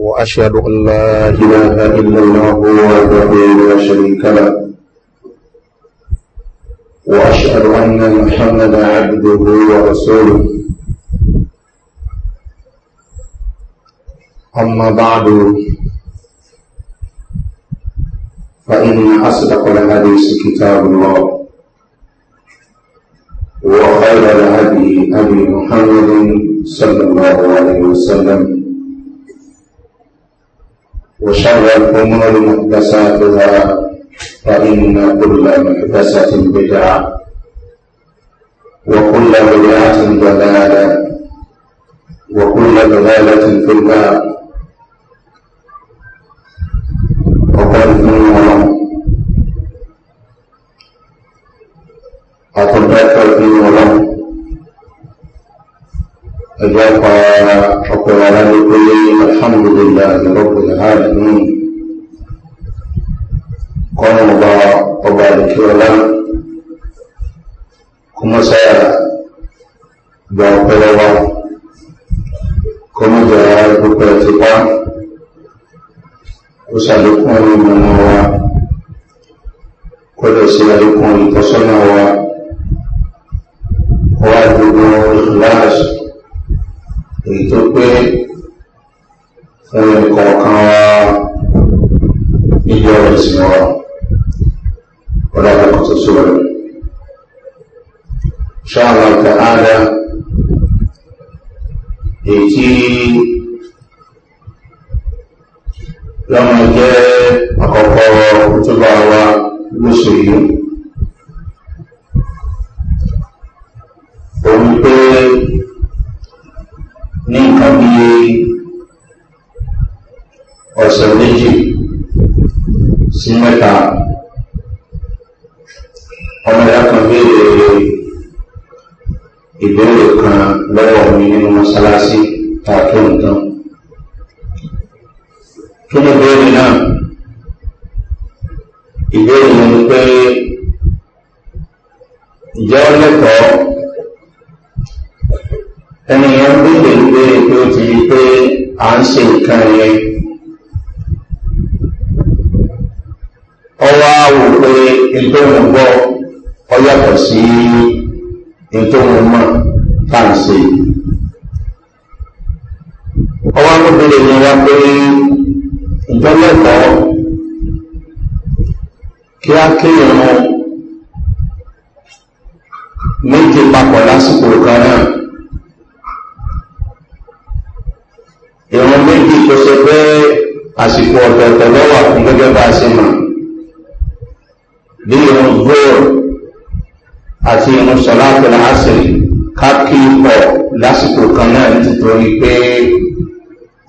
وأشهد أن لا إله إلا الله وحده لا شريك له وأشهد أن محمدا عبده ورسوله أما بعد فإن أصدق الحديث كتاب الله وخير الهدي أبي محمد صلى الله عليه وسلم وشر الأمور محدثاتها فإن كل محدثة بدعة وكل بدعة ضلالة وكل ضلالة في النار وقد أتبقى في أجاب فقال لكل الحمد لله رب العالمين قال الله تبارك وتعالى كما سأل بأقول الله كما جاء بكرتك وسألكم من هو كل سألكم تصنع وأدعو الإخلاص èyí tó pé ẹ̀rọ kọ̀ọ̀kan wa níbi ọ̀rọ̀ ìsìn wa ọ̀dàbà kan tó sọ rẹ̀. ṣáàlà ìtàlára èyí tí lọ́mọ jẹ́ àkọ́kọ́ tó bá wa lóṣù yìí. Òun pé ní nǹkan bí ọ̀sẹ̀ méjì sí mẹ́ta ọmọ ìyá kan béèrè ìbéèrè kan lọ́wọ́ mi nínú mọ́sálásí ta tó nǹkan kí ni béèrè náà ìbéèrè mi ni pé ìjẹ́ ọlẹ́kọ̀ọ́ ẹni yẹn ń bèèrè ìbéèrè pé e ó ti rí pé à ń ṣe nǹkan yẹn ọwọ́ wò pé ìtòhùn gbọ́ ọ yàtọ̀ sí ìtòhùn mọ̀ tá à ń ṣe ọwọ́ tó bèèrè ni wá pé ìjọ́lẹ̀kọ́ kí á kéèyàn méje papọ̀ lásìkò kan náà. eléyìí tó ṣe pé àsìkò ọ̀tọ̀ọ̀tọ̀ lọ́wọ́ fún gẹ́gẹ́ bá a ṣe mọ̀ bí irun gbòòrò àti irun sọ̀lá àtọ̀lá àṣírí káàkì pọ̀ lásìkò kan náà nítorí pé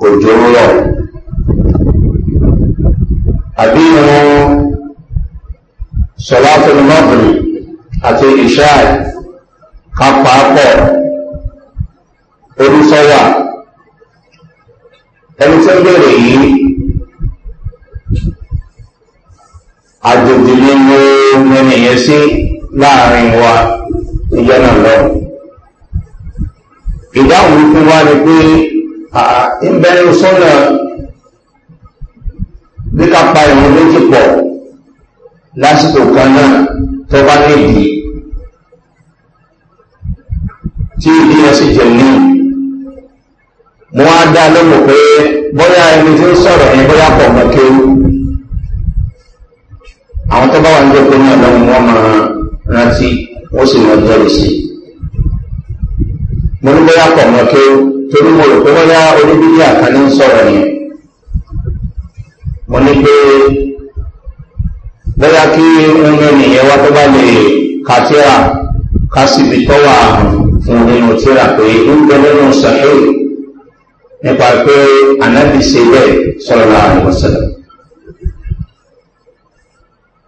òjò rọ̀ àbí irun sọ̀lá àtọ̀lá àti ìṣáà kápá pọ̀ orí sọ́wà ẹni tí ó bẹ̀rẹ̀ yìí àjòjì ní mo mẹ́rin yẹn sí láàrin wa ìjọ náà lọ ìdáhùn fún wa ni pé ń bẹ́rẹ̀ sọ́nà bí ká pa ìwọ̀n méjì pọ̀ lásìkò kan náà tó bá nídìí tí ìdí yẹn sì jẹ̀ níyì mo wá dá lóko pé bóyá ẹni tí ń sọ̀rọ̀ yẹn bóyá pọ̀ mọ́ kéwú àwọn tó bá wà ní ọkọ náà lọ́wọ́ wọn máa rántí wọ́n sì máa jẹ́rìí sí i mo ní bóyá pọ̀ mọ́ kéwú torí mo rò pé bóyá oníbíbí àkànní ń sọ̀rọ̀ yẹn mo ní pé bóyá kí ń ènìyàn wá tó bá lè ka tíra tọ́wà fún nínú tíra pé ń bẹ nínú sàkéwì nípa pé anábì ṣe bẹ́ẹ̀ sọ̀rọ̀ láàrin ọ̀sẹ̀lẹ̀.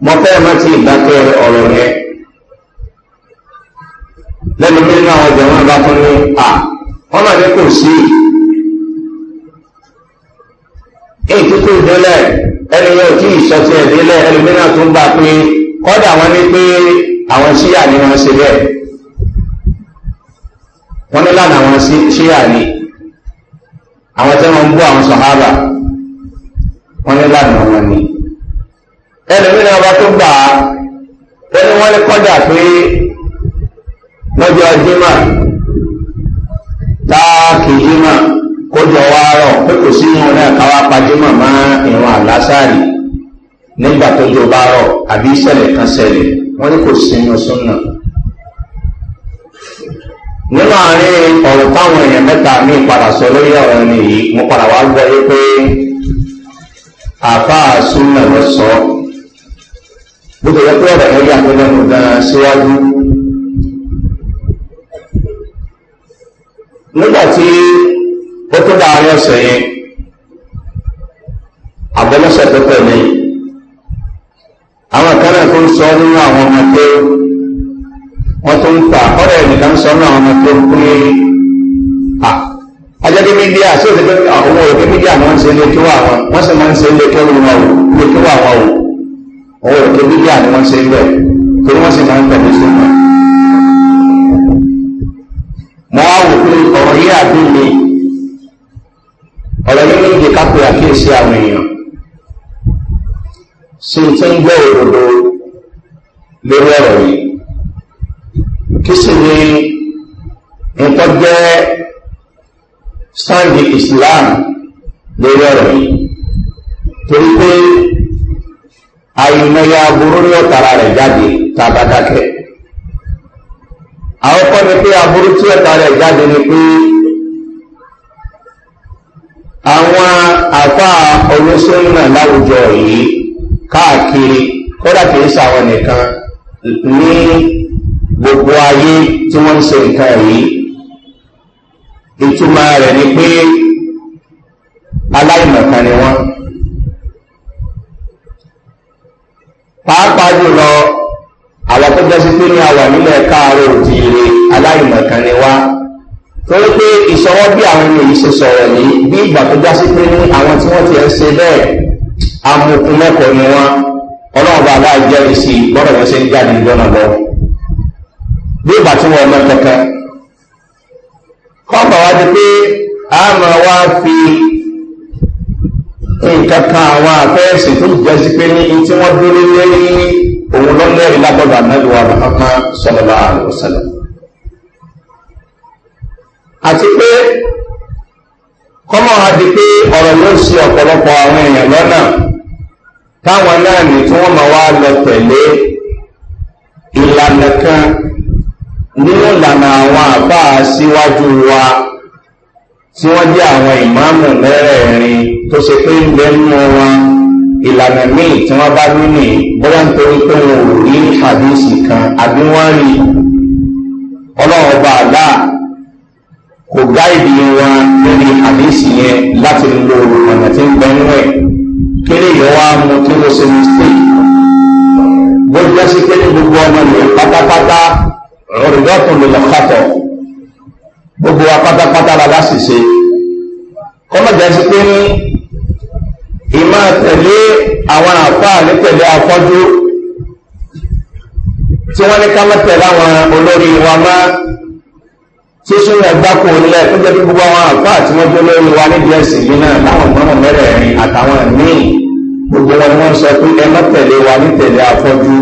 mo fẹ́ má ti ìdákẹ́ ọ̀rọ̀ yẹn lẹ́nu pé ní àwọn ọjà wọn bá fún ní à ọ̀nà ní kò sí èyí tó délẹ̀ ẹni yẹn ò tí ì sọ sí ẹ̀dílẹ̀ ẹni pé náà tún gbà pé kọ́dà wọn ní pé àwọn síyà ni wọ́n ṣe bẹ́ẹ̀ wọ́n ní lánàá wọn síyà ni àwọn tí wọ́n ń bú àwọn sọ̀hábà wọ́n ní lànà wọn ni ẹlòmíràn ọba tó gbà á lẹ́nu wọ́n ní kọjá pé lọ́jọ́ jimá táàkì jimá kójọ wa pé kò sí wọn náà káwá pa jimá má ìrún àlásàrì nígbà tó jọba rọ̀ àbí ìṣẹ̀lẹ̀ kan ṣẹlẹ̀ wọ́n ní kò sí inú sún nínú àárín ọ̀rọ̀ táwọn èèyàn mẹ́ta ní ìpadà sọ lórí ọ̀rọ̀ ẹni yìí mo padà wá gbọ́ yé pé àfáà súnmọ́ lọ sọ bó ti yẹ pé ọ̀rọ̀ yẹn yà tó gan síwájú. nígbà tí ó tó bá àárín ọ̀sẹ̀ yẹn àbẹ̀lọ́sẹ̀ tó tẹ̀lé àwọn kan náà tó ń sọ nínú àwọn ọmọ tó wọ́n tó ń ta ọ̀rẹ́ ẹ̀nìkan sọ náà wọn tó ń pín à ajẹ́gbẹ́ mídíà sí òṣèlú àwọn òkè mídíà wọ́n ń ṣe ilé kíwà wọn wọ́n sì máa ń ṣe ilé kíwà wọn o ilé kíwà wọn o òun òkè mídíà ni wọ́n ṣe ń bẹ̀ torí wọ́n sì máa ń tẹ̀lé sí wọn. mo á wò pé ọ̀rọ̀ yìí àbí ọ̀rọ̀ yìí méje kápẹ́ àkíyèsí àwọn èèyàn ṣe ti ń gbọ́ òdodo lórí ọ̀rọ̀ yìí kí sì ni nǹkan jẹ́ sáàdì islam lórí ọ̀rọ̀ yìí torí pé àìmọye aburú ní ọ̀tara rẹ̀ jáde tàbádákẹ́ àwọn kọ́ ni pé aburú tí ọ̀tara rẹ̀ jáde ni pé àwọn àfa olóṣèlú láwùjọ yìí káàkiri kódà kìí sàwọn nìkan ní gbogbo ayé tí wọ́n ń ṣe nǹkan yìí ìtumọ̀ rẹ̀ ni pé aláìmọ̀kan ni wọ́n pàápàá jùlọ àwọn tó jẹ́ sí pé ní àwà nílẹ̀ káàárọ̀ òjìire aláìmọ̀kan ni wá torí pé ìṣọwọ́ bí àwọn ènìyàn ṣe sọ̀rọ̀ ní bí ìgbà tó já sí pé ní àwọn tí wọ́n ti ń ṣe bẹ́ẹ̀ amukun ni wọ́n ọlọ́run bàbá jẹ́rìí sí bọ́dọ̀ yẹn ṣe ń jáde lọ́nà lọ́wọ́ bí ìgbà tí wọ́n mọ́ kankan kọ́pà wá di pé a máa wá fi nǹkan kan àwọn àfẹ́ẹ̀sì tó jẹ́ sí pé ní tí wọ́n dúró lórí òun lọ́lẹ́rìí lábọ́dọ̀ ànájúwà mọ́kànlá sọ̀rọ̀lá àlùsọ̀lẹ̀ àti pé kọ́mọ̀ wá di pé ọ̀rọ̀ ló ń ṣe ọ̀pọ̀lọpọ̀ àwọn èèyàn lọ́nà táwọn náà ní tí wọ́n máa wá lọ tẹ̀lé ìlànà kan nínú ìlànà àwọn àbá síwájú wa tí wọ́n jẹ́ àwọn ìmáàmù mẹ́rẹ̀ẹ̀rin tó ṣe pé ń bẹ nínú wọn ìlànà míì tí wọ́n bá ní nì bóyá nítorí pé wọn ò rí àdéhìsì kan àbí wọ́n rí ọlọ́run ọba àlá kò gáìdì wọn lórí àdéhìsì yẹn láti lo ọ̀nà tí ń bẹ nínú ẹ̀ kéré ìyọ́wá mu kí ló ṣe mistake bó jẹ́ sí pé ní gbogbo ọmọ ìyẹn pátápátá ọ̀rọ̀dọ́tún lè lọ́kàtọ̀ gbogbo wa pátápátá la láti ṣe kọ́mọ̀já sí pé ní ìmá tẹ̀lé àwọn àfáà ní tẹ̀lé afọ́jú tí wọ́n ní ká mọ́ tẹ̀lé àwọn olórí wa má tí súnmọ́ gbáko nílẹ̀ tó jẹ́ gbogbo àwọn àfáà tí wọ́n jẹ́ olórí wa ní díẹ̀sì yìí náà láwọn mọ́nà mẹ́rẹ̀ẹ̀rin àtàwọn míì gbogbo wọn ni wọ́n sọ pé ẹ mọ́ tẹ̀lé wa ní tẹ̀lé afọ́jú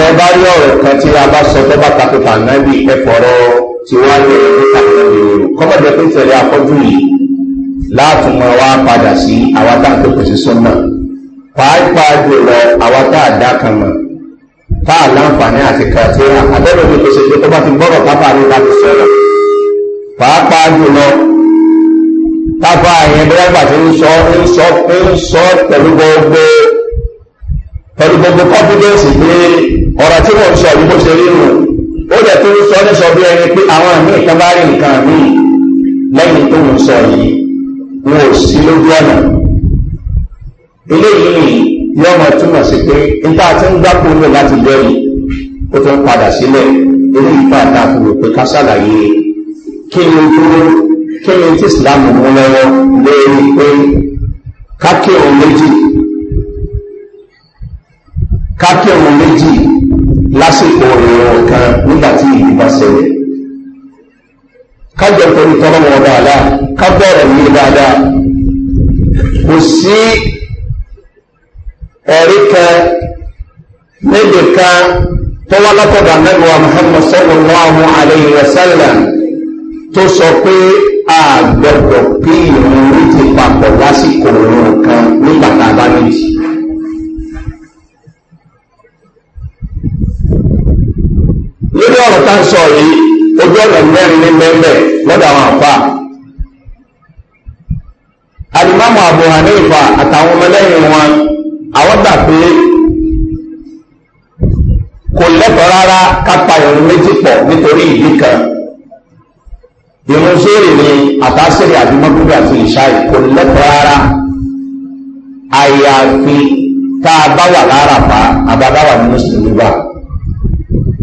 tẹ bá rí ọ̀rọ̀ kan tí a bá sọ tọ́ba tako tànàbí ẹ̀fọ̀rọ̀ tí wọ́n á lè rí tànàbí rò kọ́mọ̀jẹ́ pé ìṣẹ̀lẹ̀ afọ́jú yìí láàfin mọ́ wa padà sí àwa tá à ń tó kò sí sọ́nà pàápàá jùlọ àwa tá à dá kan mọ̀ tá à láǹfààní àti kàtíra àbẹ́rẹ́ mi kò ṣe pé tó bá ti gbọ́dọ̀ pápá ní láti sọ̀rọ̀ pàápàá jùlọ táfà yẹn dẹ́rẹ́bà ti ń sọ ń sọ pẹ̀lú gbogbo pẹ̀lú gbogbo confidence pé ọ̀rọ̀ tí wọ́n sọ yìí bó ṣe rí nù ó dẹ̀ tó ń sọ ní sọ bí ẹni pé àwọn àmì kan bá rí nǹkan mí lẹ́yìn tó ń sọ yìí wọn ò sí lójú ọ̀nà eléyìí yóò mọ̀ túmọ̀ sí pé níta tí ń gbá kúrò láti lẹ́yìn ó tún padà sílẹ̀ eléyìí pàtàkì àfihàn pé ká ṣàlàyé kí ni dúró kí ni tí ìsìlámù mú lọ́wọ́ lórí pé ká kí òun méjì kákẹ́rùn méjì lásìkò ìrọ̀rùn kan nígbàtí ìlú bá ṣẹlẹ̀ kájọ torí tọ́lọ́wọ́ dáadáa kábẹ̀rẹ̀ ní dáadáa kò sí ẹ̀rí kan méje kan tó wá látọ̀dọ̀ anáwó muhammad sallallahu alayhi wa sallam tó sọ pé a gbọdọ̀ pé ìrọ̀rùn méjì papọ̀ lásìkò ìrọ̀rùn kan nígbàtà bá méjì. nínú ọ̀rọ̀ tá ń sọ yìí ojú ọ̀nà mẹ́rin ní mẹ́mẹ́ lọ́dọ̀ àwọn àpá alimamu abu hanifa àtàwọn ọmọlẹ́yìn wọn àwọn gbà pé kò lẹ́tọ̀ọ́ rárá ká pa ìrun méjì pọ̀ nítorí ìdí kan ìrun sórí ni àtàsírí àdúgbòkúgbò àti ìṣáì kò lẹ́tọ̀ọ́ rárá àyàfi tá a bá wà lára pa àbábáwà ní mùsùlùmí báà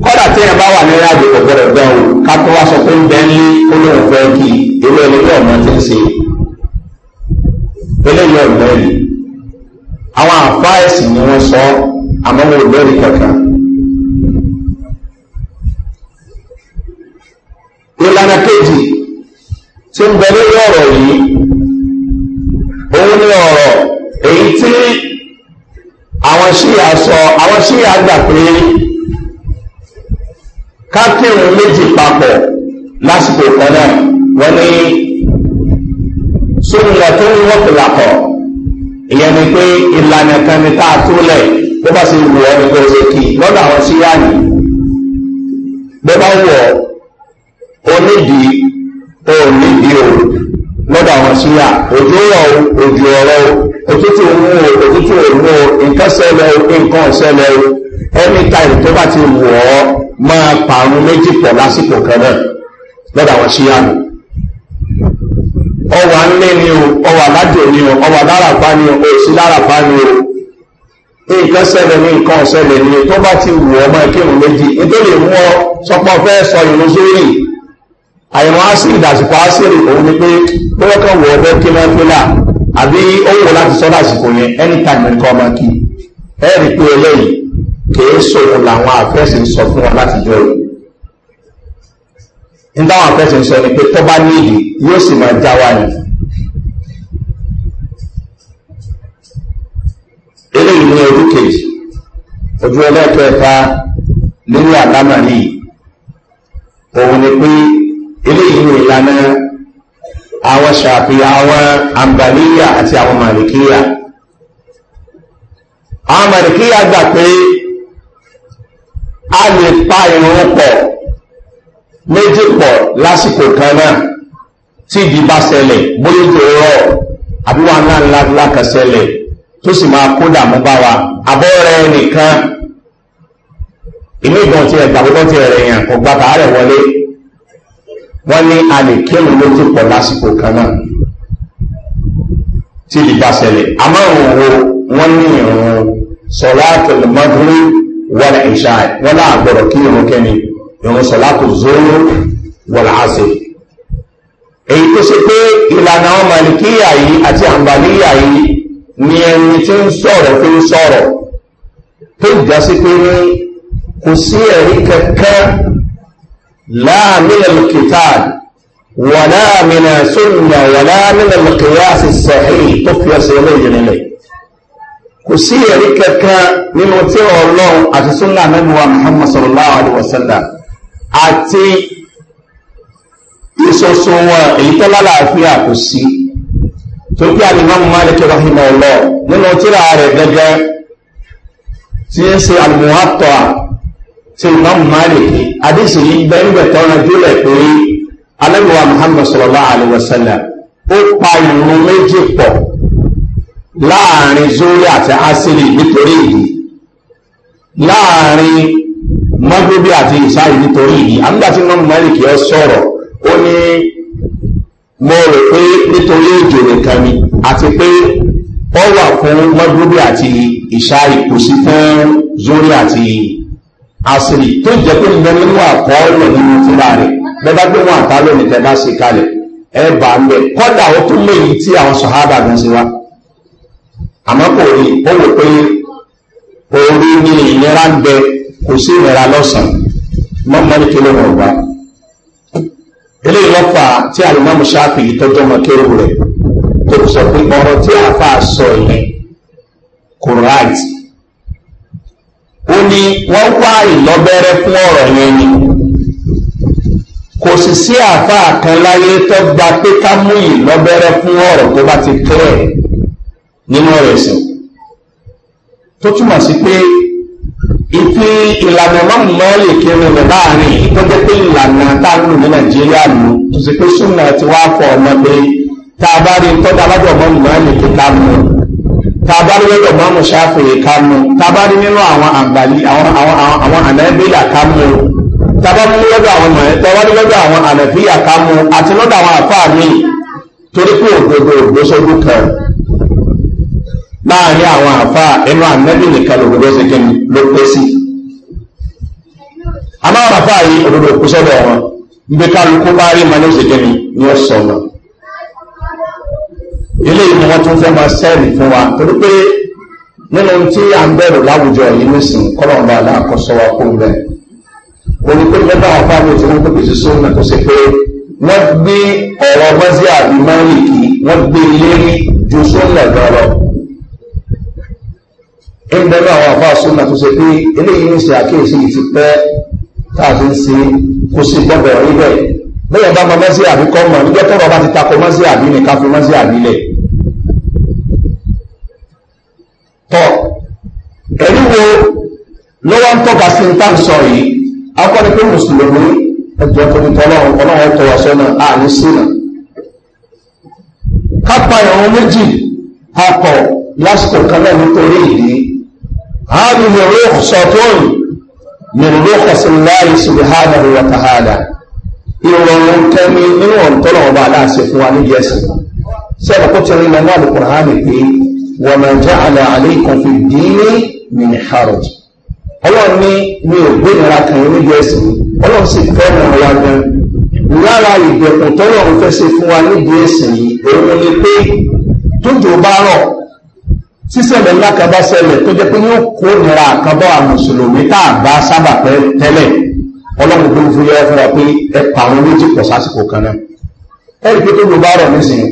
kọ́dà tí ẹ bá wà ní ìrìnàjò kò gbọdọ̀ gbẹ o ká tó wá sọ pé ń bẹ ní olóhùn fẹ́ kí ewé ẹni bí ọ̀nà ti ń ṣe eléyìí ọ̀gbẹ́ yìí àwọn àfa ẹ̀sìn ni wọ́n sọ àmọ́ mo lórí kankan. ìlànà kejì tí ń bẹ lórí ọ̀rọ̀ yìí òun ni ọ̀rọ̀ èyí tí àwọn ṣíyà sọ àwọn ṣíyà gbà pé kákìrún méjì papọ̀ lásìkò kan náà wọ́n ní sóhùnlẹ̀ tó ń wọ́pù làkọ̀ ìyẹn ni pé ìlànà kan ní káà tó lẹ̀ bó bá sì wù ọ́ ní kó ṣe kí lọ́dọ̀ àwọn sí yáàyè bó bá wù ọ́ onídìí onídìí o lọ́dọ̀ àwọn sí yá òjò rọ̀ o òjò ọ̀rọ̀ o òtútù òun o òtútù òun o nǹkan ṣẹlẹ̀ o nǹkan ṣẹlẹ̀ o anytime tó bá ti wù ọ́ máa pààrùn méjì pọ̀ lásìkò kan náà lọ́dọ̀ àwọn ṣíyàmù ọwà nlé ni o ọwà lájò ni o ọwà lárapá ni o òsì lárapá ni o nǹkan sẹlẹ̀ ní nǹkan ọ̀sẹlẹ̀ ni tó bá ti wù ọmọ ìkírun méjì nítorí mú ọ sọpọ fẹ́ sọ ìrún sórí àìrán ásìrì dàsìkò ásìrì òun ni pé bọ́wọ́ kan wù ọbẹ̀ kí wọ́n fi là àbí ó wù láti sọ dàsìkò yẹn anytime nǹkan ọmọ kí ẹ rí pé eléyìí kìí sòkun làwọn àfẹ́sìn sọ fún wa láti jọ yìí nígbà àwọn àfẹ́sìn sọ ni pé tó bá níyì yóò sì máa já wa yìí eléyìí ní ojú kejì ojú ẹlẹ́tọ̀ ẹ̀ta nínú àlámàrí yìí òun ni pé eléyìí ní ìlànà àwọn ṣàfihàn àwọn àǹbàníyà àti àwọn màlìkíyà àwọn màlìkíyà gbà pé a lè pa irun pọ̀ méjì pọ̀ lásìkò kan náà tí ìdí bá ṣẹlẹ̀ bóyá tó rọ̀ àbí wà náà ńláńlá kan ṣẹlẹ̀ tó sì máa kó dààmú bá wa àbọ̀rẹ́ nìkan ilé ìgbọ̀n tí ẹgbà gbogbo ti rẹ̀ yàn kò gba bàárẹ̀ wọlé wọ́n ní a lè kírun méjì pọ̀ lásìkò kan náà tí ìdí bá ṣẹlẹ̀ àmọ́ òun wo wọ́n ní ìrùn sọ̀rọ̀ àtẹlẹmọ́dúnrún wọ́lá ìṣà wọ́lá àgbọ̀rọ̀ kí irun kẹni irun sọ̀lákù zoro wọ́lá àṣẹ èyí tó ṣe pé ìlànà ọmọ ìkíyà yìí àti àǹbàníyà yìí ni ẹni tí ń sọ̀rọ̀ fi ń sọ̀rọ̀ tó já sí pé ní kò sí ẹ̀rí kẹ̀kẹ́ láàmìnà kìtàn wọ̀láàmìnà sóyìnà wọ̀láàmìnà kìyà sí sẹ̀hìn tó fi ọ̀sẹ̀ ilé ìjìnlẹ̀ kò sí ẹ̀rí kankan nínú tí ọlọ́run àti súnà mẹ́nuwa muhammad sallallahu alaihi wasallam àti ìṣoṣo wọn èyí tó lálàáfíà kò sí tó bí alimami malik rahim ọlọ nínú tíra rẹ gẹgẹ tí ń ṣe alimuhatọ tí imam malik adéṣe yìí bẹ́ẹ̀ tọ́ra júlẹ̀ pé alẹ́nuwa muhammad sallallahu alaihi wasallam ó pa ìrún méjì pọ̀ láàrin zuri àti asili nítorí ìdí láàrin mọ́gbóbí àti ìsáyì nítorí ìdí àmúgbàtí mọ́mù mẹ́rìkì ọ sọ̀rọ̀ ó ní mo rò pé nítorí èjò nìkan ni àti pé ó wà fún mọ́gbóbí àti ìsáyì kò sí fún zuri àti asiri tó jẹ́ pé ìgbẹ́ nínú àkọọ́lẹ̀ nínú fúnra rẹ̀ bẹ́ẹ̀ bá gbé wọn àtàlónìí tẹ́ bá ṣe kalẹ̀ ẹ bá ń bẹ kọ́dà ó tún léyìí tí àwọn sọ̀hádà gan ṣe wá àmọ́ kò rí ó wò pé orí ní ìnira ń bẹ kò sí ìnira lọ́sàn-án mọ́mọ́ ní kí ló wọ̀ wá eléyìí wọ́n fà á tí alimami ṣáàpì yìí tọ́jọ́ mọ́ kéré rẹ̀ tó sọ pé ọ̀rọ̀ tí àáfà sọ yẹn kò ráìtì ó ní wọ́n wá ìlọ́bẹ̀rẹ̀ fún ọ̀rọ̀ yẹn ni kò sì sí àáfà kan láyé tó gba pé ká mú ìlọ́bẹ̀rẹ̀ fún ọ̀rọ̀ tó bá ti kéré rẹ̀ nínú ọ̀rọ̀ ẹ̀sìn tó túmọ̀ sí pé ìfi ìlànà mọ́mù mọ́lẹ̀ kẹrin rẹ̀ láàrin tó jẹ́ pé ìlànà táàrùn ní nàìjíríà lò tó sì pé súnmọ̀ ti wá fọ ọmọ pé tá a bá rí tọ́jú alájọ mọ́mù mọ́lẹ̀ kí ká mú tá a bá rí lọ́dọ̀ mọ́mù ṣáfìyè ká mú tá a bá rí nínú àwọn àgbàlí àwọn ànábìlà ká mú tá a bá rí lọ́dọ̀ àwọn mọ̀ẹ́tọ́wọ́dé lọ́dọ̀ àwọn ànàfíà ká mú àti lọ́dọ̀ àwọn àfáà míì torí pé òdodo ògbóṣogbó kan láàrin àwọn àfá ẹnu ànẹ́bì nìkan lòdòdó sí kí ló pé sí amáwọn àfá yìí òdòdó kú sọ́dọ̀ wọn níbi kálukú bá rí maní òsì kí ni ó sọ̀nà ilé ìlú wọn tún fẹ́ máa sẹ́ẹ̀lì fún wa torí pé nínú tí à ń bẹ̀rù láwùjọ yìí nísìn kọ́lọ̀mbà aláàkọ́sọ wa kó ń bẹ̀ orí pé mẹ́ta àfá mi ti wọ́n pèpè sí sóhùn tó ṣe pé wọ́n gbé ọ̀rọ̀ mọ́sí àbí mọ́rìkì wọ́n gbé lérí ju sóhùn lọ́dọ̀ lọ ń bẹ̀rẹ̀ àwọn àfáà súnmọ̀ tó ṣe pé eléyìí ń ṣe àkíyèsí ìfi pẹ́ tààtí ń ṣe kò sí gbọ́bẹ̀ rí bẹ́ẹ̀ bẹ́ẹ̀ bá máa mọ́sí àbí kọ́ mọ̀ níjọ́ tọ́rọ bá ti takọ mọ́sí àbí ní ká fi mọ́sí àbí lẹ̀ tọ́ ẹ̀rí wo lọ́wọ́ ń tọ́ka sí tá ń sọ yìí akọ́ ni pé mùsùlùmí ẹjọ́ tó ti tọ́lọ́run ọlọ́run tọwọ́ sọ́nà àní sínà ká pa méjì papọ̀ lásìkò kan náà nítorí ìdí هذه رخصة من رخص الله سبحانه وتعالى ìrọ̀rùn kẹmi nínú ọ̀tọ́nà ọba aláàṣẹ fún wa níbi ẹ̀sìn sí ẹ̀kọ́ tí rí lọ́nà àlùkùnrin hàn pé wọ́n máa jẹ́ àlẹ́ àlẹ́ ìkọ̀fì dín ní harrod ọlọ́run ní mi ò gbé ìnira kan níbi ẹ̀sìn ọlọ́run sì fẹ́ mọ̀ wá gan lára ìdẹ̀kùn tọ́lọ́run fẹ́ ṣe fún wa níbi ẹ̀sìn yìí òun ni pé tójú bá rọ̀ sísẹ̀lẹ̀ ńlá kan bá ṣẹlẹ̀ tó jẹ́ pé yóò kó nira àkàbọ̀ àmùsùlùmí tá a bá sábà pẹ́ tẹ́lẹ̀ ọlọ́run tó ń fún yẹ́ fún wa pé ẹ pa àwọn méjì pọ̀ sásìkò kan náà ẹ̀rí pé tó ló bá rọ̀ nísìn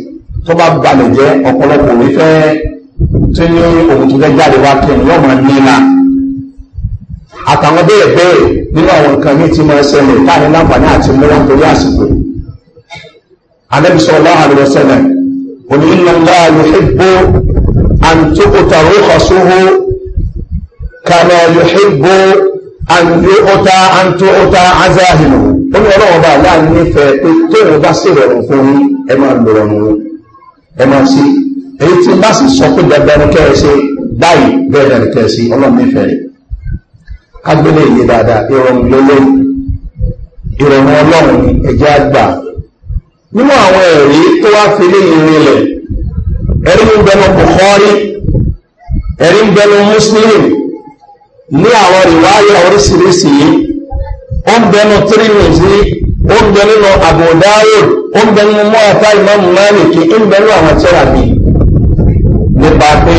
tó bá balẹ̀ jẹ́ ọ̀pọ̀lọpọ̀ òní fẹ́ tí ní ohun tó fẹ́ jáde wá kí ẹ̀yọ́ máa nílà àtàwọn bẹ́ẹ̀ bẹ́ẹ̀ nínú àwọn nǹkan ní ti máa ṣẹlẹ̀ táàní láǹfààní àti múra torí àsìkò alẹ́bíṣọ́ ọlọ́run àlọ́ sẹ́lẹ̀ òní ń lọ láàyò أن تؤتى رخصه كما يحب أن يؤتى أن تؤتى عزاهمه ó ní ọlọ́wọ́ bá aláàánú nífẹ̀ẹ́ pé tóun bá sì rọrùn fún yín ẹ máa lo ọ̀run wọn ẹ máa sí èyí tí bá sì sọ pé dandan ní kẹ́ẹ̀ ṣe báyìí bẹ́ẹ̀ dẹ̀ ní kẹ́ẹ̀ sí ọlọ́run nífẹ̀ẹ́ rẹ̀ kágbélé yìí dáadáa ìrọ̀rùn lélẹ́yìn ìrọ̀rùn ọlọ́run ẹ̀jẹ̀ àgbà nínú àwọn ẹ̀rí tó wá fi léyìn rinlẹ̀ ẹ̀rí ń bẹnu Bukhari ẹ̀rí ń bẹnu Muslim ní àwọn ìwáyà oríṣiríṣi yìí ó ń bẹnu Tirmidhi ó ń bẹnu Abu Dawud ó ń bẹnu mọ́ọ̀tá ìmọ̀mù Málìkì ó ń bẹnu àwọn tẹ́ra mi nípa pé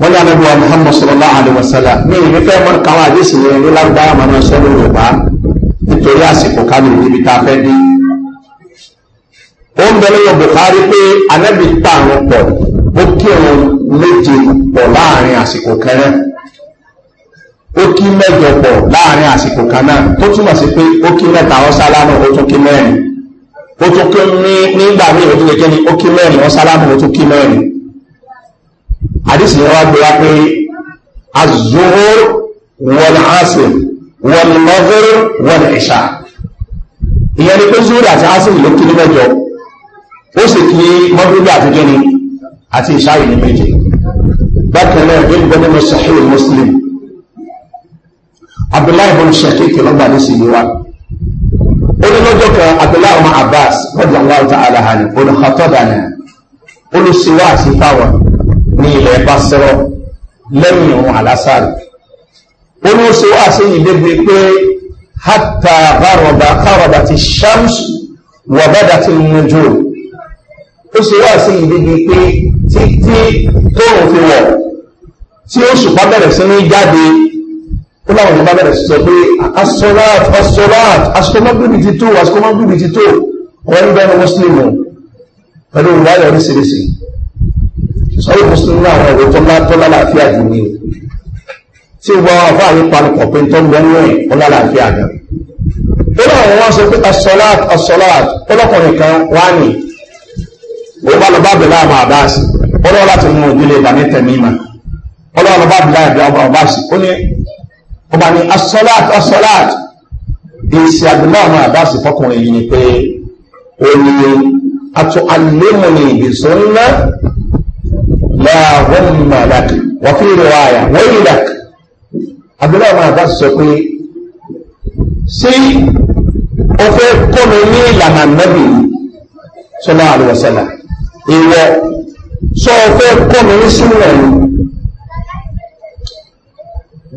wọ́n ní anábì wa Muhammad sallallahu alaihi wasallam ní ìlú fẹ́ mọ́ káwọn àdéṣe yẹn ní lágbára mọ́ náà sọ́dọ̀ Yorùbá nítorí àsìkò kálù níbi tá a fẹ́ dé ó ń bẹ lọ́wọ́ Bukhari pé anábì pa àwọn pọ̀ ó kí ọ̀run méje pọ̀ láàrin àsìkò kẹrẹ ó kí mẹ́jọ pọ̀ láàrin àsìkò kan náà tó túmọ̀ sí pé ó kí mẹ́ta wọn sálámù ó tún kí mẹ́rin ó tún kí ní nígbà míì ó tún lè kéde ó kí mẹ́rin wọn sálámù ó tún kí mẹ́rin àdìsí yẹn wá gbé pé az-zuhur wal-asr wal-maghrib wal ìyẹn ni pé zuhur àti asr ló kí ní mẹ́jọ ó sì kí mọ́dúnlé àti kíni àti ìṣáyè ní méje bákan náà bí gbọ́dọ̀ lọ sàhíl muslim abdullahi bin shakik lọ́gbà ní sí yíwá ó ní lọ́jọ́ kan abdullahi bin abbas rọ́jà wáwù tá àlàhàní olùkọ́tọ̀dàní olùsíwá àti fáwọn ní ilẹ̀ bá sọ́rọ̀ lẹ́yìn òun àlásàrì olùsíwá sí ìdébí pé hátà bá rọ̀bà ti shams wọ̀bẹ́dà ti nùjú ó ṣe wá sí ìdíbi pé títí tóun fi wọ̀ tí ó ṣùpá bẹ̀rẹ̀ sí ní jáde ó láwọn ọmọ bẹ̀rẹ̀ sí sọ pé asọ́láàt asọ́láàt asọ́mọ́gbìbì ti tó asọ́mọ́gbìbì ti tó wọ́n ń bẹ́nu mùsùlùmù pẹ̀lú ìwádìí oríṣiríṣi sọ́yìn mùsùlùmù àwọn ọ̀rọ̀ tó bá tó lálàáfíà jù ní tí ó bá wà fún àwọn ìpanupọ̀ pé tó ń bẹ́ ní ọ̀rọ̀ lálàáfíà gan ó láwọn wọn sọ pé asọ́láàt asọ́láàt ọlọ́kùnrin kan wá nìí ó bá lọ bá bẹ̀rẹ̀ àwọn àbáàsì ọlọ́wọ́ láti mú ìdílé ìbàní tẹ̀míìmà ọlọ́wọ́ lọ bá bẹ̀rẹ̀ àbí àwọn àbáàsì ó ní ọba ní asọ́láàt asọ́láàt èsì àdúrà àwọn àbáàsì fọkùnrin yìí ni pé ó ní àtò àlémùnì ìbìsọ́nlá láàwọn mọ̀láàkì wọ́n fi rẹ̀ wáyà wọ́n yìí dàk àdúrà àwọn sọ pé sí ó kọ́ mi ní ìlànà nẹ́bì sọ́lá àlùwọ̀sẹ́lá ìwọ sọ fẹ́ kọ́mù ní sínú ẹ̀yìn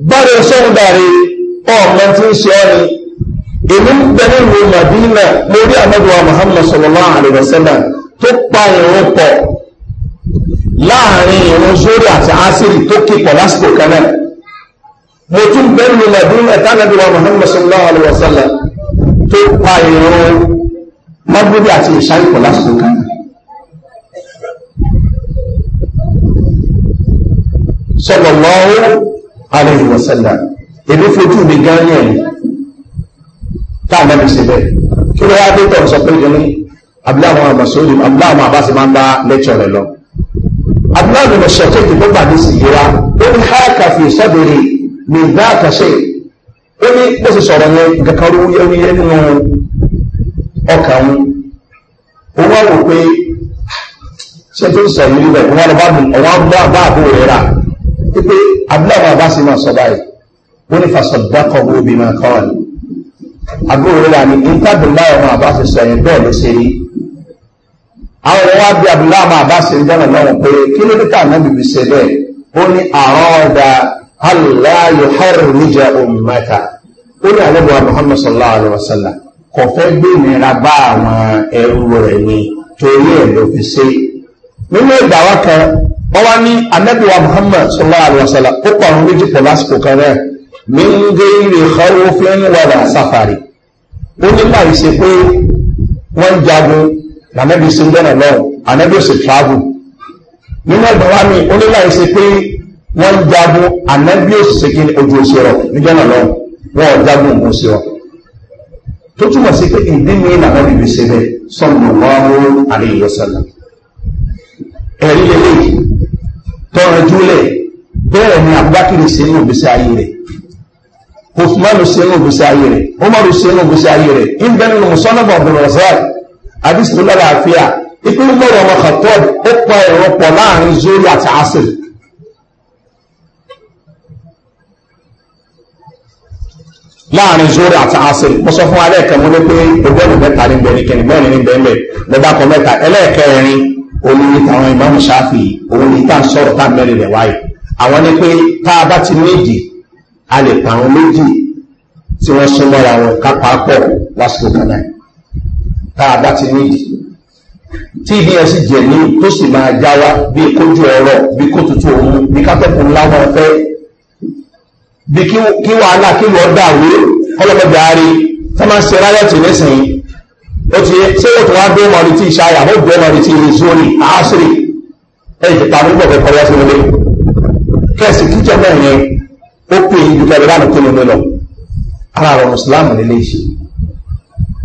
báre sọ́ndàrí ọmọ tí ń ṣe ọ́ni èmi ń bẹ nínú Madina lórí àmọ́dúnwà Muhammad sallallahu alaihi wasallam tó pa ìrún pọ̀ láàrin ìrún sórí àti asiri tó kípọ̀ lásìkò kan náà mo tún bẹ nínú Madina tánàdúnwà Muhammad sallallahu alaihi tó pa ìrún magbóbi àti ìṣàìpọ̀ lásìkò kan náà sallallahu alaihi wasallam èmi fojú mi gan ní ẹ̀yìn tá a mẹ́bi sí bẹ́ẹ̀ kí ló wá dé tọ̀ sọ pé ẹni abúláwọn àmàsóòlù abúláwọn àbáṣe máa ń bá lẹ́tọ̀ rẹ̀ lọ abúláwọn ọ̀ṣẹ́ tó ti gbọ́gbà ní sì yíra ó ní háàkà fi sọ́dọ̀rẹ̀ ní ìgbà àkàṣe ó ní bó ṣe sọ̀rọ̀ yẹn kankan ló nínú ọkàn òun wá wò pé ṣé tó ń sọ yìí rẹ̀ wọ́n lọ bá àbúrò rẹ̀ rà pípé abúláwọ̀ àbáṣe máa sọ báyìí wọ́n ní fàṣọ̀dákọ̀ gbóbi máa kọ́ ni àbúrò rẹ̀ ni ìtàbíláwọ̀ máa bá ṣe sọ yẹn bẹ́ẹ̀ ló ṣe rí àwọn wá bí abúláwọ̀ máa bá ṣe dáná náà pé kí ló dé káà bìbí ṣe bẹ́ẹ̀ ó ní àwọn ọ̀dà aláyọ̀ hẹ́rù níjà òmùmẹ́ta ó ní àlẹ́bùwà muhammad sallallahu alayhi wa sallam kò fẹ́ gbé ìnira bá àwọn ẹrú rẹ̀ ni torí ẹ̀ ló fi ṣe nínú ìgbà wákan wọ́n wá ní anẹ́bíwá muhammad sallallahu alaihi wasallam ó pa àwọn méjì pọ̀ lásìkò kan rẹ̀ mi ń gé ìrè xawó fún wàdà safari ó ní láì ṣe pé wọ́n ń jagun lànàbí sí lọ́nà lọ́wọ́ ànàbí sì travel nínú ẹ̀gbọ́n wa mi ó ní láì ṣe pé wọ́n ń jagun ànàbí òṣìṣẹ́ kí ni ojú oṣù rọ̀ níjọ́ náà lọ́wọ́ wọ́n jagun òun oṣù rọ̀ tó túmọ̀ sí pé ìdí mi lànàbí ṣe bẹ́ẹ̀ sọ́nà wọ́n tọrọ júlẹ̀ bẹ́ẹ̀ ni àbúbákìrì ṣe nínú ìgbésí ayé rẹ̀ osmanu ṣe nínú ìgbésí ayé rẹ̀ umaru ṣe nínú ìgbésí ayé rẹ̀ ìbẹ́ nínú musonaba abdulrazak adisilola àfíà ìpín mọ́rọ̀ ọmọ khattab ó pa ẹ̀rọ pọ̀ láàrin zoro àti asir láàrin zoro àti asir mo sọ fún alẹ́ kan mo ní pé ọgbẹ́ni mẹ́ta ní bẹ́ẹ̀ ní kẹ́ni mẹ́rin ní bẹ́ẹ̀ bẹ́ẹ̀ mo dákọ̀ mẹ́ta ẹlẹ́ẹ̀kẹrin olórí táwọn ìmáàmù ṣáfìyí òun ní tá sọ̀rọ̀ tá mẹ́rin rẹ̀ wáyé àwọn ní pé tá a bá ti méjì a lè pa àwọn méjì tí wọ́n sún mọ́ra wọn kápá pọ̀ lásìkò kan náà tá a bá ti méjì tí ibi yẹn sì jẹ ní tó sì máa já wa bí kójú ọ̀rọ̀ bí kó tutù òun bí kátẹ́kùn ńlá wọn fẹ́ bí kí wàhálà kí wọ́n dàwé ọlọ́mọdé àárín tó máa ń ṣe ráyọ̀tì nísìnyí ó ti ṣé ó tún wá gbé mọ́rin tí ìṣáyà ó gbé mọ́rin tí ìṣòrí àásìrì ẹ ti pa nígbà ọ̀fẹ́ kọ́lá sínú ilé kẹ́sì kíjọ náà yẹn ó pè é ibi kẹrẹ lánàá tó lómi lọ ara àwọn mùsùlùmí nílé ṣe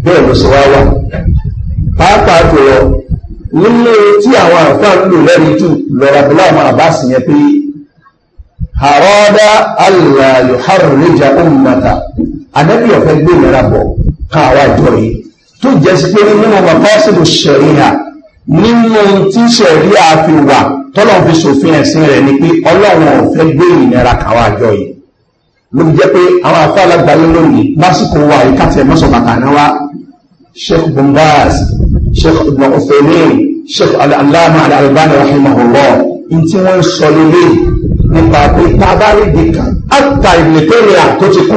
bẹ́ẹ̀ ló ṣe wá wá pàápàá jùlọ nínú tí àwọn àǹfààní lò lẹ́rìí jù lọ́ra bí láwọn àbáṣì yẹn pé àrọ́dá alàyò harùnléjà òmùmàtà àdẹ́bí ọ̀fẹ́ gbé ìlera bọ̀ káàwá ìjọ yìí tó jẹ́ sí pé nínú ọmọ pásítọ̀ ṣẹ̀ríhà nínú tí sẹ̀rí àfi wà tọ́lọ́n fi sòfin ẹ̀sìn rẹ̀ ni pé ọlọ́run ọ̀fẹ́ gbé ìnira kàwá àjọ yìí ló jẹ́ pé àwọn afẹ́ alágbàáyé lónìí lásìkò wa yìí káfíẹ̀ mọ́sọ̀ bàtà náà wá sheikh bombaz sheikh ibn ofenin sheikh alama alalbani rahimahullah in tí wọ́n sọ lélẹ̀ nípa pé tábàrí di kan áta ìrìnlẹ̀tẹ́rìà tó ti kú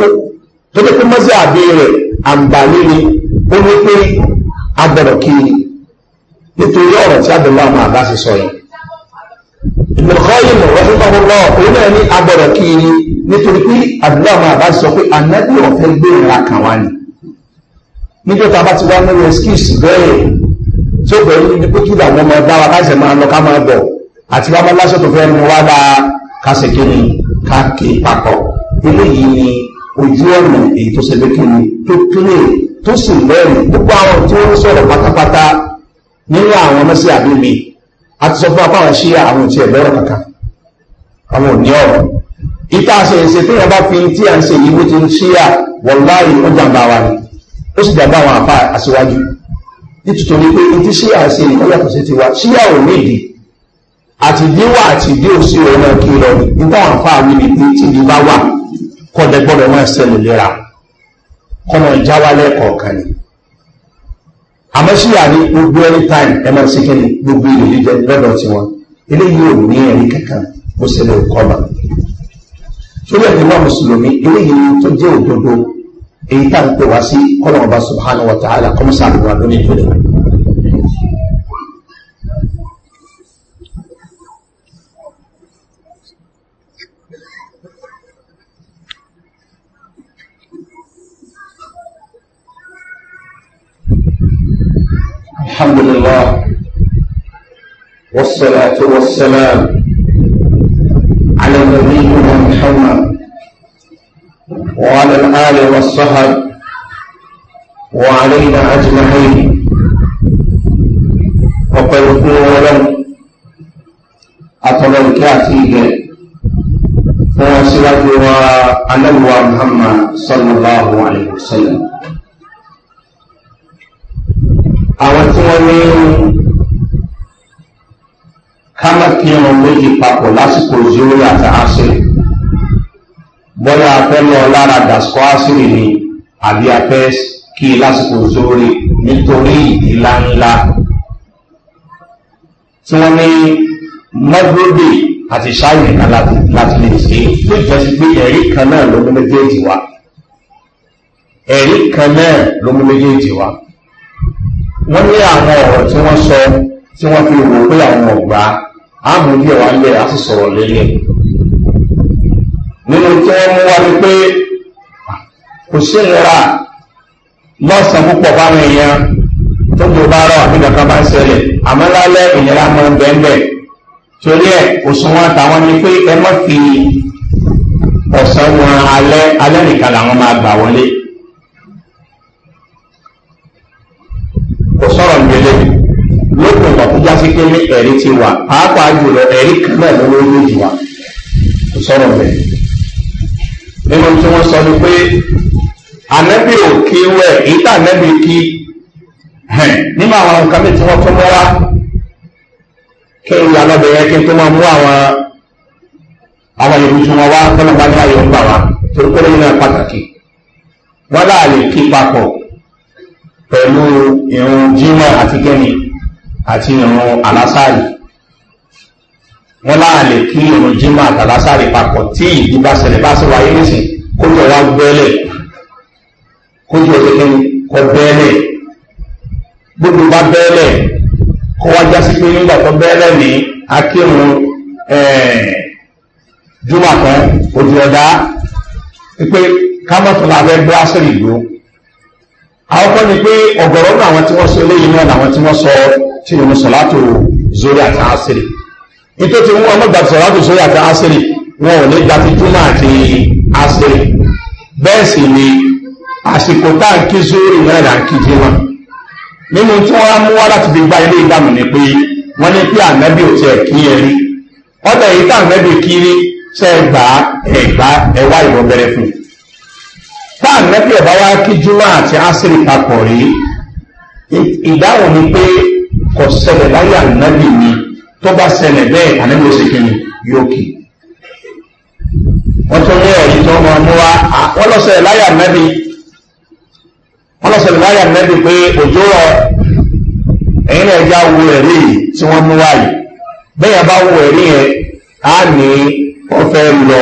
tó ti kú mọ́sí àbí rẹ̀ àǹbàlẹ́ ni ó ní pé agbọ̀dọ̀ kiri nítorí ọ̀rọ̀ tí àdùnmọ́ àmà bá sì sọ yìí ìmọ̀kọ́yìn mọ̀rọ̀ fún ọmọlọ́ òun náà ní agbọ̀dọ̀ kiri nítorí pé àdúrà máa bá sọ pé ànábì ọ̀fẹ́ gbé ìlà kan wá ni nígbà tá a bá ti wá nínú skills bẹ́ẹ̀ tó bẹ̀rù ní pé kí làwọn ọmọ ẹgbẹ́ wa bá ṣe máa lọ ká máa bọ̀ àti wá máa láṣọ tó fẹ́ nu wá bá ká ṣe kí ni ká ké papọ̀ eléyìí ni ojú ọ̀nà èyí tó ṣe lékè ni tó kílè tó sì lẹ́rìí gbogbo àwọn tí wọ́n sọ̀rọ̀ pátápátá nínú àwọn mẹ́sí àbími àti sọ fún apáwọn ṣí àwọn tí ẹ̀lọ́rọ̀ kankan àwọn ò ní ọ̀rọ̀ ìta àṣẹ ìṣe tí wọn bá fi tí à ń ṣe yìí wó ti ń ṣí à wọ́n láàyè ó jàǹbá wa ni ó sì jàǹbá àwọn àfa àṣewájú nítorí pé ní ti ṣí à ṣe ìkọ́ yàtọ̀ sí tiwa ṣí à ò ní ìdí àti ìdí wà àti ìdí ò sí òun náà kí lọ ní táwọn àfa mi ni pé tí ìdí bá wà kọ́ ọ̀dẹ́gbọ́dọ̀ máa ṣẹlẹ̀ lera àmọ́ sí àní gbogbo anytime ẹ máa ń sekẹ́ ni gbogbo ìlú jíjẹ lọ́dọ̀ tí wọn eléyìí ò ní ẹ̀rí kankan ó ṣẹlẹ̀ kọ́mà sórí ẹ̀dín wà mùsùlùmí eléyìí tó jẹ́ òdodo èyí tá à ń pè wá sí kọ́nà ọba subhanahu wa ta'ala kọ́mọ́sá àbúrò àdóní ìjọba الحمد لله والصلاة والسلام على نبينا محمد وعلى الآل والصحب وعلينا أجمعين وقد قولا أطلب كاتيه فوسلت الله محمد صلى الله عليه وسلم àwọn tí wọ́n ní kámà kí wọn méjì papọ̀ lásìkò zoro àti asiri bọ́lá afẹ́ lọ lára dàsíkò asiri ni àbí afẹ́ kí lásìkò zoro nítorí ìdí ńláńlá tí wọ́n ní mọ́gbódè àti ṣáyẹ̀ kan láti lè ṣe ló jẹ́ sí pé ẹ̀rí kan náà ló mú méjèèjì wá ẹ̀rí kan náà ló mú méjèèjì wá wọ́n ní àwọn ọ̀rọ̀ tí wọ́n sọ tí wọ́n fi wò pé àwọn ọ̀gbà àmúdí ẹ̀wà ń á sì sọ̀rọ̀ lélẹ̀ nínú tí wọ́n mú wá ni pé kò sí ìlera lọ́sàn-án púpọ̀ báwọn èèyàn tó tó bá rọ̀ àbí kankan bá ń ṣẹlẹ̀ àmọ́ lálẹ́ ìlera máa ń bẹ́ẹ̀ torí ẹ̀ òṣùwọ̀n àtàwọn ni pé ẹ má fi ọ̀sán wọn alẹ́ alẹ́ nìkan làwọn máa gbà wọlé. lókun ọ̀pọ̀ tó já sí pé ní ẹ̀rí ti wà pàápàá jùlọ ẹ̀rí kan náà ló lórí méjì wà kò sọ̀rọ̀ bẹ̀. nínú tí wọ́n sọ ni pé ànábì ò kí wẹ̀ èyí tá ànábì kí nínú àwọn nǹkan mi tí wọ́n tó mọ́ra kí n lànà bẹ̀rẹ̀ kí n tó máa mú àwọn àwọn ìlú tí wọ́n wá tọ́lọ́ bá ní ayọ̀ ń wá torí pé lóyún náà pàtàkì wọ́n láà lè kí papọ̀ pẹ̀lú ìrùn jimá àti kẹ́ni àti ìrùn alásàrì wọ́n láàlè kí ìrùn jimá àtàlásàrì papọ̀ tí ìdí bá ṣẹlẹ̀ bá ṣe wáyé nísìn kójú ọ̀wá gbẹ́lẹ̀ kójú ọ̀tẹ̀kẹ́ kọ bẹ́ẹ̀lẹ̀ gbogbo bá bẹ́ẹ̀lẹ̀ kọ́ wá já sí pé nígbà tó bẹ́ẹ̀lẹ̀ ní akírun eh, jumá kan ojú ọ̀dá pé kámọ́tò la fẹ́ gbé àṣírí ìlú àwọn kan ní pé ọ̀gọ̀rọ̀ náà àwọn tí wọ́n sọ eléyìí náà làwọn tí wọ́n sọ ọ́ tí ìrún sọ̀látò zórí àti ásírì nító ti wọ́n ọmọ gbàtí sọ̀látò zórí àti ásírì wọn ò ní gbàtí túmọ̀ àti ásírì bẹ́ẹ̀ sì ni àsìkò táàkì zórí náà là ń kí jí wọn nínú tí wọ́n mú wá láti fi gba ilé ìdámù ni pé wọ́n ní pé ànábì ò tiẹ̀ kí ẹ rí ọ̀dọ̀ èyí tá ànábì kí rí tẹ́ ẹ gbà ẹ gbà ẹ wá ìwọ̀n bẹ̀rẹ̀ fún un tá ìdáhùn ni pé kò sẹlẹ̀ láyé ànábì ni tó bá sẹlẹ̀ bẹ́ẹ̀ ànábì ó sì kí ni yóò kì. wọ́n tún ní ẹ̀rí tó wọn mú wa wọ́n lọ sẹlẹ̀ láyé ànábì wọ́n lọ sẹlẹ̀ láyé ànábì pé òjò rọ ẹ̀yin náà já wo ẹ̀rí tí wọ́n mú wáyé bẹ́ẹ̀ bá wo ẹ̀rí yẹn á ní wọ́n lọ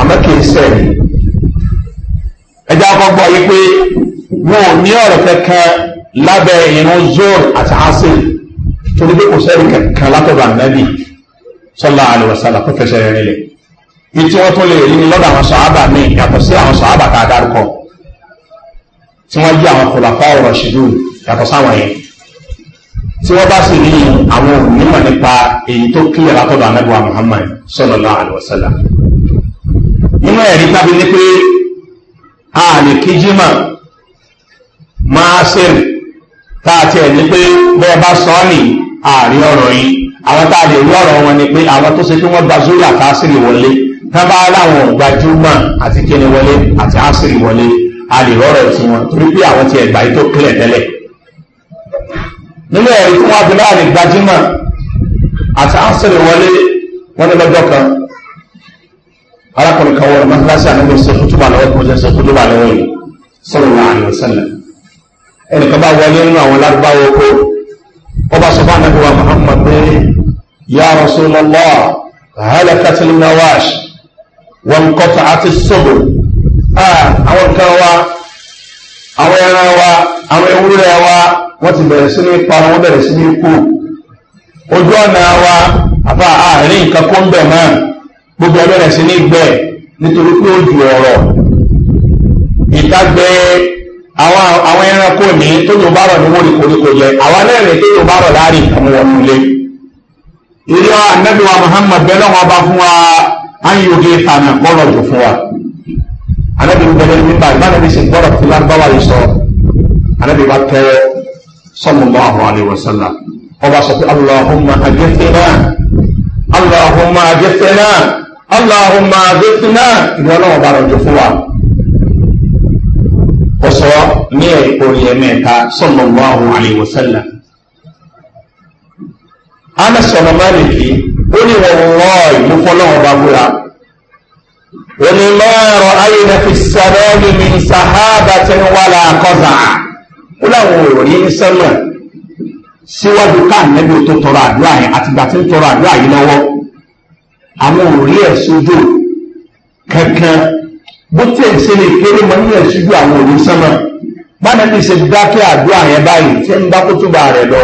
àmọ́ kì í sẹ̀rí ẹjá pé wọn ò ní ọ̀rọ̀ kankan lábẹ́ ìrún zoro àti hasil torí pé kò sẹ́rí kankan látọ̀dọ̀ ànábì sọ́lá àlùwàsálà kó fẹsẹ̀ rẹ̀ nílẹ̀ ìtí wọ́n tún lè rí ni lọ́dọ̀ àwọn sọ̀hábà míì yàtọ̀ sí àwọn sọ̀hábà tá a dárúkọ tí wọ́n jí àwọn kòlàfà ọ̀rọ̀ ṣìlú yàtọ̀ sáwọn yẹn tí wọ́n bá sì rí àwọn onímọ̀ nípa èyí tó kílẹ̀ látọ̀dọ̀ ànábì wa muhammad sọ́lá àlùwàsálà nínú ẹ̀rí tábí ní pé a lè máa ṣe tá a tiẹ̀ ní pé bẹ́ẹ̀ bá sọ ọ́ nìyí àárín ọ̀rọ̀ yìí àwọn tá a lè rí ọ̀rọ̀ wọn ni pé àwọn tó ṣe pé wọ́n gba zuri àti asiri wọlé tá bá láwọn ò gba juma àti kíni wọlé àti asiri wọlé a lè rọ̀rọ̀ tí wọn torí pé àwọn ti ẹ̀gbà yìí tó kílẹ̀ tẹ́lẹ̀ nínú ẹ̀rí fún wa fi láàrin àti asiri wọlé wọn ní lọ́jọ́ kan arákùnrin kan wọlé mọ́tíláṣí àníbi ṣe kútùbà lọ́wọ́ kó jẹ́ ṣe kútùbà lọ́wọ́ yìí sọ̀rọ̀ ọba sọ fún anábíwá muhammad pé ya rasulallah halakat nawash wọn kọta àti sọgbọ àwọn nǹkan wa àwọn ẹran wa àwọn ewúrẹ́ wa wọ́n ti bẹ̀rẹ̀ sí ní parun wọ́n bẹ̀rẹ̀ sí ní kú ojú ọ̀nà wa àbá àárín nǹkan kó ń bẹ̀ náà gbogbo ẹgbẹ̀rẹ̀ sí ní gbẹ̀ nítorí pé ó ju ọ̀rọ̀ ìdágbẹ́ àwọn àwọn ẹranko ní tó tó bá rọ̀ ní wọ́n koríko jẹ àwọn ẹlẹ́rìí tó tó bá rọ̀ láàrin ìkàmú wọn nílé ilé anabi wa muhammad bẹ́ẹ̀ lọ́wọ́ bá fún wa ayọ̀dẹ ìtànà gbọ́dọ̀ jù fún wa anabi ń bẹ̀rẹ̀ nípa ìbánabí sì gbọ́dọ̀ fún lágbáwá yìí sọ anabi bá tẹ́ sọ́mùmọ́ àwọn àlewọ̀ sálà ọba sọ pé allahumma ajẹ́fẹ́nà allahumma ajẹ́fẹ́nà allahumma ajẹ́fẹ́nà ìwọ́n náà bá rọ̀ jù fún wa ẹ̀kọ́ ní ẹ̀kọ́ ìyẹ̀mẹ̀ta sallallahu alayhi wa sallam. ana sọ̀rọ̀ máa lè fi ó ní wọ́n rọ́ ìlú fọlọ́wọ́n bá búra ó ní mẹ́rọ ayé rẹ̀ fi sọ̀rọ̀ ní mi sàhábà tí ń wà láàkọ́sà ó láwọn ò rí sẹ́mọ̀ síwájú káàmẹ́bí tó tọrọ àdúrà yẹn àtìgbà tí ń tọrọ àdúrà yìí lọ́wọ́ àwọn ò rí ẹ̀ sójú kankan bó tẹ̀ ṣe lè kéré mọ níyẹn ṣíjú àwọn òní sánmà báyìí ti ṣe dákẹ́ àdúrà yẹn báyìí tí ń bá kótóbà rẹ̀ lọ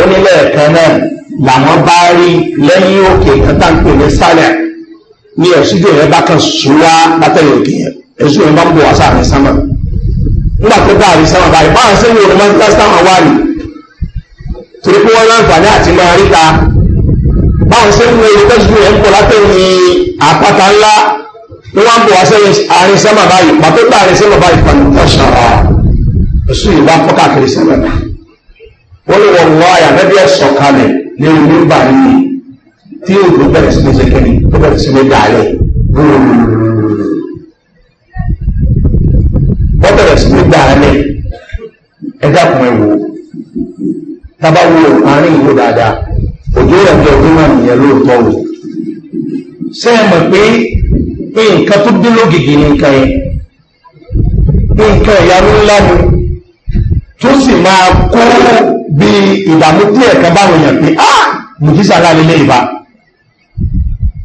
ó nílẹ̀ kan náà làwọn bá rí lẹ́yìn òkè kan tá ń pè ní sálẹ̀ ní ẹ̀ṣíjú yẹn bá kan sùn wá látẹ̀yìn òkè yẹn ẹ̀ṣíjú yẹn bá ń bọ̀ wá sáà ní sánmà nígbà tó bá àrí sánmà báyìí báwọn sẹ́yìn òní máa ń tẹ́ sánmà wá rí torí pé wọ́n láǹfààní àti máa ríta báwọn sẹ́yìn òní tẹ́ṣíjú yẹn ń pọ̀ látẹ̀yìn àpáta ńlá ló wá ń bọ̀ wá sẹ́yìn àárín sẹ́mà báyìí pàtó gbà àárín sẹ́mà báyìí pàtó ọ̀ṣà oṣù yìí bá fọ́n káàkiri sẹ́mà náà wọ́n lè wọ̀n wá àyàbẹ́bí ẹ̀sọ̀ kalẹ̀ ní omi ń bà nínú tí òjò bẹ̀rẹ̀ sí ní sẹ́kẹ́ni tó bẹ̀rẹ̀ sí ní dàálẹ̀ wọ́n bẹ̀rẹ̀ sí ní dàálẹ̀ ẹ̀dá kan ẹ̀wò tábà wo àárín ìlú dáadáa òjò yẹ̀ bí ọdún náà nìyẹn lóòótọ́ wò sẹ́yìn mọ̀ pé nǹkan tó dé lógìgì ní nǹkan yẹn nǹkan ìyanu ńlá ni tó sì máa kó bí ìdààmú díẹ̀ kan báwọn èèyàn pé á ah! mùjísà ńlá lélẹ́ ìbá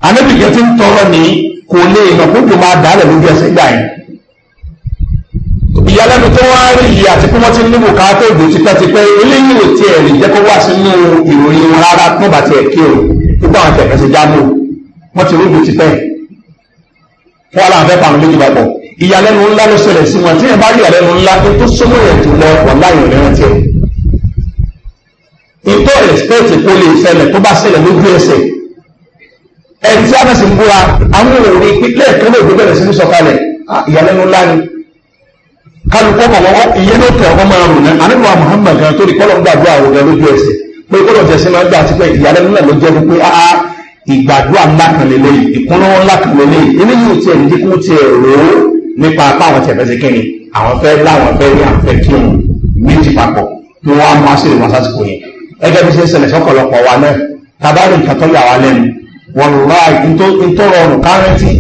anábìkẹ́ tí ń tọrọ ní kò lè nà kó tó máa dálẹ̀ lójú ẹsẹ̀ gbà yẹn ìyálẹ́nu tó wá rí yìí àti pé wọ́n ti ní bùkátà òdò tipẹ́tipẹ́ eléyìí ò tiẹ̀ lè jẹ́ kó wà sínú ìròyìn rárá tó bàtì ẹ̀kí o nígbà wọn tẹ̀fẹ́ sí jámù wọ́n ti rúbi tipẹ́ yìí wọn là ń fẹ́ pàmò méjì papọ̀ ìyàlẹ́nu ńlá ló ṣẹlẹ̀ sí wọn tí ẹ bá rí ìyàlẹ́nu ńlá tó tó sọ́mọ́ yẹn tó lọ wọ̀ láyò lẹ́yìn tiẹ̀ ìtọ́ ẹ̀sìpẹ́ẹ̀tì kó lè ṣẹlẹ̀ tó bá ṣẹlẹ̀ lójú ẹsẹ̀ ẹ̀ tí a bá sì ń búra àwọn òòrùn ìpínlẹ̀ kan lè bẹ̀rẹ̀ sí ní sọ̀kalẹ̀ ìyàlẹ́nu ńlá ni kálukọ́ kọ̀wọ́ ìyẹn ló tẹ̀ ọmọ àrùn náà àníwá muhammad gan tó di kọ́lọ́ gbàdúrà òògùn lójú ẹsẹ̀ pé kọ́lọ́ tẹ̀sí máa gbà àti pé ìyàlẹ́nu náà ló jẹ́ pé áá ìgbàdúrà ńlá kan lélẹ́yìí ìkúnlọ́wọ́ ńlá kan lélẹ́yìí eléyìí ò tiẹ̀ ní kíkún tiẹ̀ rò ó nípa apá àwọn tẹ̀fẹ́ sí kínni àwọn fẹ́ láwọn fẹ́ rí àwọn fẹ́ kí wọn méjì papọ̀ kí wọ́n á máa ṣe ìwọ̀n sásìkò yẹn ẹgẹ́ bí ṣe ń ṣẹlẹ̀ sọ́kọ̀lọpọ̀ wa náà tabarí nǹkan tó yà wá lẹ́nu wọn láì nítorí ọrùn kárẹ́ntì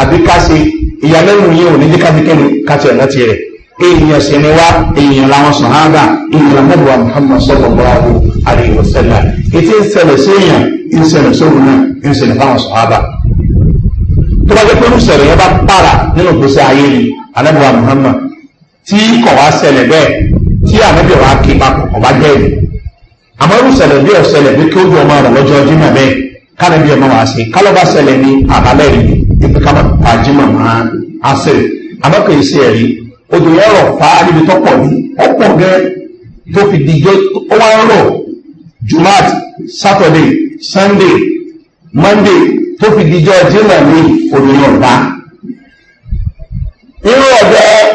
àbí ká ṣe ìyàlẹ́nu yìí ò ní díkà sí kínni ká tiẹ̀ náà tiẹ̀ rẹ̀ èèyàn sì ni wá èèyàn làwọn sọ̀hánà èèyàn làmọ́bùwà muhammad sọ̀rọ̀ bọ́ra wọn àríwọ̀sẹ́là ètí ń ṣẹlẹ̀ séèyàn ń ṣẹlẹ̀ sóhun náà ń ṣẹlẹ̀ fáwọn sọ̀hábà tó bá jẹ́ pé ó ṣẹlẹ̀ yẹn bá pààrà nínú gbèsè ayé ni anábìwá muhammad tí kò wá ṣẹlẹ̀ bẹ́ẹ̀ tí anábìwá wá ké papọ̀ kò bá jẹ́ ìlú àmọ́ ó ṣẹlẹ̀ bí ó ṣẹlẹ̀ bí kí ó dùn ọmọ rẹ̀ lọ́jọ́ jimá bẹ́ẹ̀ kánàbí ọmọ wa ṣe kálọ́bà ṣẹlẹ̀ ní àbálẹ̀ rí ibi ká bá jimá máa á ṣẹlẹ̀ àmọ́ kò ṣe ẹ̀rí odò yẹn rọ̀ fa níbi tó pọ̀ ní ọ̀pọ̀ gẹ́ tó fi dijọ́ ó wá rọ̀ jumat saturday sunday monday tó fi dijọ́ jimá ní obìnrin ọ̀dá nínú ọ̀dọ́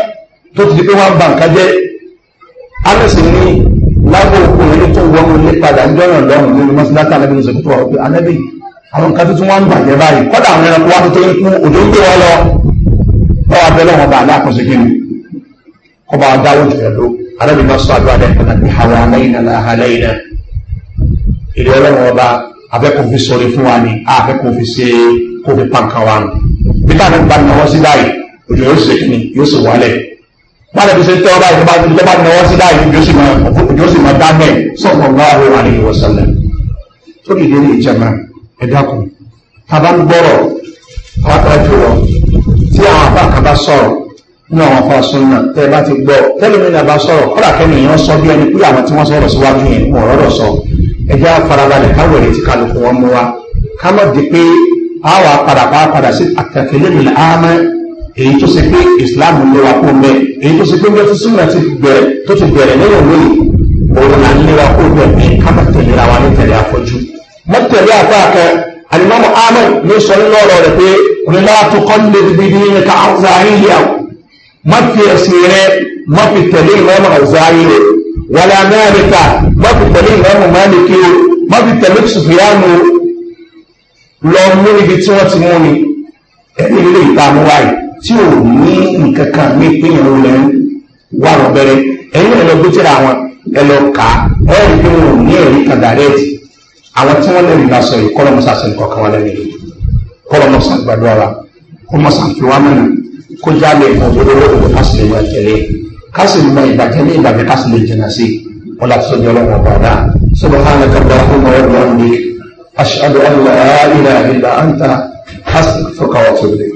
tó ti di pé wọ́n bá nǹkan jẹ́ alice ní lágbo òkú ẹni tó wọ́n mú ní padà níjọ́ náà lọ́rùn nínú mọ́síláta alẹ́ nínú sèkútù ọ̀pẹ anẹ́bí àwọn nǹkan tuntun wọn ń bàjẹ́ báyìí kọ́dà àwọn ẹranko wá tó ń kú òjò ń gbé wọn lọ wọ́n wá bẹ́ẹ̀ lọ́wọ́ bá aláàkóso kínní kọ́ba adáwọ̀ jùlọ lọ alẹ́bí bá sọ àdúrà dẹ́kun náà ní hàwọn aláìnà láhàlẹ́yìn náà èrè ọlọ́run ọba afẹ́kùn fi sọ̀rọ̀ fún wa ni afẹ́kùn fi ṣe kó fi pàǹkà wa nù nígbà tó ń bá náwó sí báyìí òjò yóò ṣe kíni yóò sì wálẹ̀ gbọ́dọ̀ fi ṣe tẹ́ ọba ìjọba tó bá náwó sí báyìí òjò sì máa dáná ẹ̀ sọ̀rọ̀ láàrú àríwọ̀ sọ̀lẹ̀ tó dìde ní ìjẹ̀mà ẹ̀dákùn tàbá ń gbọ́rọ̀ pátá jùlọ tí àwọn àbá kan bá sọ̀rọ̀ ní àwọn afa sunna tẹ́ bá ti gbọ́ tẹ́lẹ̀ mi náà bá sọ̀rọ̀ kọ́dà kẹ́ni èèyàn sọ bí ẹni pé àwọn tí wọ́n sọ̀rọ̀ síwájú yẹn wọn ọ̀rọ̀ sọ ẹjẹ́ àfarabalẹ̀ káwọn èrè tí kálukú wọn mú wa ká mọ̀ di pé a wà padà bá padà sí àtẹ̀kẹ́lẹ́ mi láàmẹ́ èyí tó ṣe pé islam ló wà kó mẹ́ èyí tó ṣe pé wọ́n ti súnmọ́ ti bẹ̀rẹ̀ tó ti bẹ̀rẹ̀ lẹ́yìn òwe òun là ń léra kó bẹ̀rẹ̀ ká mọ̀ tẹ̀léra wa ní tẹ̀lé àfọ́jú mọ̀ tẹ̀lé àpá kan alimami ahmed ló sọ nínú ọ̀rọ̀ rẹ̀ pé onílà tó kọ́ ní ní ká àwọn zahiri àwọn mọ̀ fi ẹ̀sìn rẹ̀ mọ̀ fi tẹ̀lé ìmọ̀ àwọn zahiri rẹ̀ wàlẹ̀ amẹ́ríkà mọ́fi tẹ̀lé ìmọ̀ọ́mù mọ́lìkì o mọ́fi tẹ̀lé sùfìyàmù lọ mú ibi tí wọ́n ti mú ni ẹni ilé ìpamọ́ wáyé tí ò ní nǹkan kan ní ìpínyàn ó lẹ́nu wà lọ́bẹ̀rẹ̀ ẹ̀yìn ẹ̀lọ́ gbẹ́tẹ̀rẹ̀ àwọn ẹ̀lọ́ ká ẹ̀rí pé wọn ò ní ẹ̀rí kan dàrẹ́ẹ̀tì àwọn tí wọ́n lẹ́nu lásọ yìí kọ́lọ́mọ sàṣẹ nǹkan kan wà lẹ́nu yìí kọ́lọ́mọ sàgbàdo ara kọ́mọ sàfiwámẹ́nu kó jálè ọ̀dọ́dọ́dọ́ kásì mọ ìbàjẹ́ ní ìbàjẹ́ kásì lè jìnà sí wọn láti sọ ní ọlọ́wọ́ ọba náà sọlọ hàn ní kàbá ọmọ ọmọ ọmọ ní aṣáájú ọlọ́wọ́ ilẹ̀ àbílà àǹtà kásì fọkàwọ́ tó lè.